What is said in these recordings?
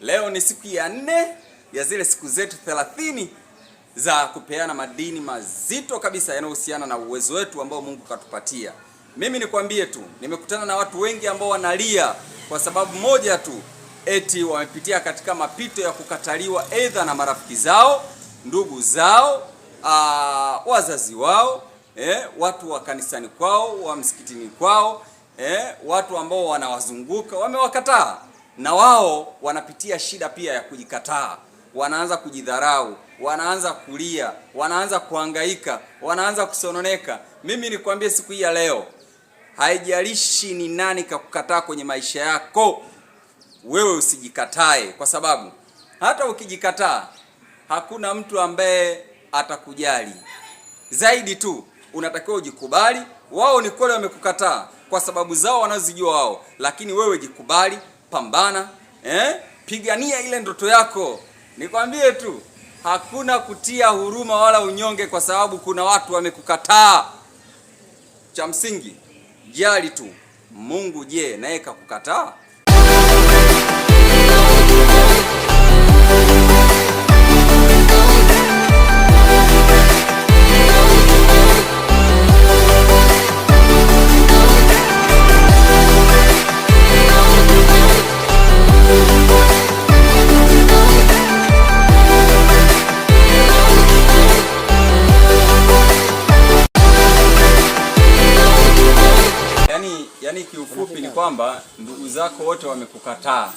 Leo ni siku ya nne ya zile siku zetu 30 za kupeana madini mazito kabisa yanayohusiana na uwezo wetu ambao Mungu katupatia. Mimi nikwambie tu, nimekutana na watu wengi ambao wanalia kwa sababu moja tu, eti wamepitia katika mapito ya kukataliwa aidha na marafiki zao, ndugu zao, aa, wazazi wao, eh, watu wa kanisani kwao, wa msikitini kwao, eh, watu ambao wanawazunguka wamewakataa na wao wanapitia shida pia ya kujikataa, wanaanza kujidharau, wanaanza kulia, wanaanza kuhangaika, wanaanza kusononeka. Mimi nikwambie siku hii ya leo, haijalishi ni nani kakukataa kwenye maisha yako, wewe usijikatae, kwa sababu hata ukijikataa hakuna mtu ambaye atakujali zaidi. Tu unatakiwa ujikubali. Wao ni kweli wamekukataa kwa sababu zao wanazijua wao, lakini wewe jikubali pambana eh? Pigania ile ndoto yako. Nikwambie tu hakuna kutia huruma wala unyonge, kwa sababu kuna watu wamekukataa. Cha msingi jali tu Mungu, je, naye kakukataa? yani kiufupi ni kwamba ndugu zako wote wamekukataa,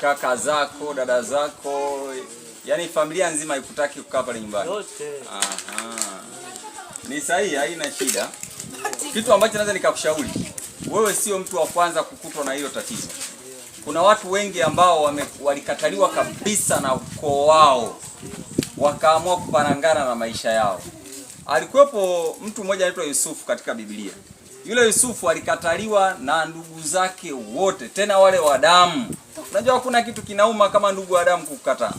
kaka zako, dada zako, yani familia nzima haikutaki kukaa pale nyumbani. ni sahihi, haina shida. Kitu ambacho naweza nikakushauri wewe, sio mtu wa kwanza kukutwa na hilo tatizo. Kuna watu wengi ambao wame, walikataliwa kabisa na ukoo wao wakaamua kuparangana na maisha yao. Alikuwepo mtu mmoja anaitwa Yusufu katika Biblia. Yule Yusufu alikataliwa na ndugu zake wote, tena wale wa damu. Unajua hakuna kitu kinauma kama ndugu wa damu kukataa.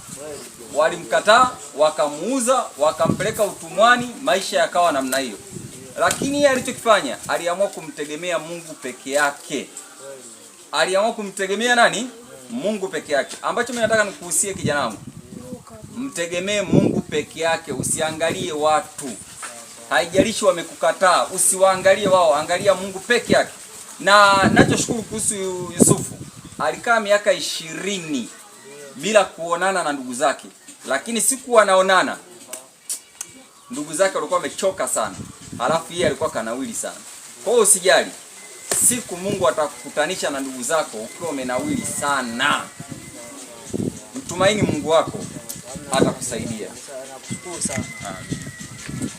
Walimkataa, wakamuuza, wakampeleka utumwani, maisha yakawa namna hiyo. Lakini yeye alichokifanya, aliamua kumtegemea Mungu peke yake. Aliamua kumtegemea nani? Mungu peke yake. Ambacho mimi nataka nikuhusie kijana wangu, mtegemee Mungu peke yake, usiangalie watu haijalishi wamekukataa, usiwaangalie wao, angalia Mungu peke yake. Na nachoshukuru kuhusu Yusufu, alikaa miaka ishirini bila kuonana na ndugu zake, lakini siku wanaonana ndugu zake walikuwa wamechoka sana, halafu yeye alikuwa kanawili sana. Kwa hiyo usijali, siku Mungu atakukutanisha na ndugu zako ukiwa umenawili sana. Mtumaini Mungu wako, atakusaidia. sana.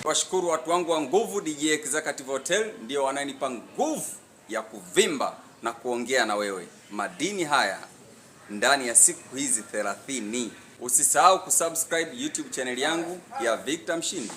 Washukuru watu wangu wa nguvu, DJ Executive Hotel ndio wananipa nguvu ya kuvimba na kuongea na wewe madini haya ndani ya siku hizi 30. Usisahau kusubscribe YouTube channel yangu ya Victor Mshindi.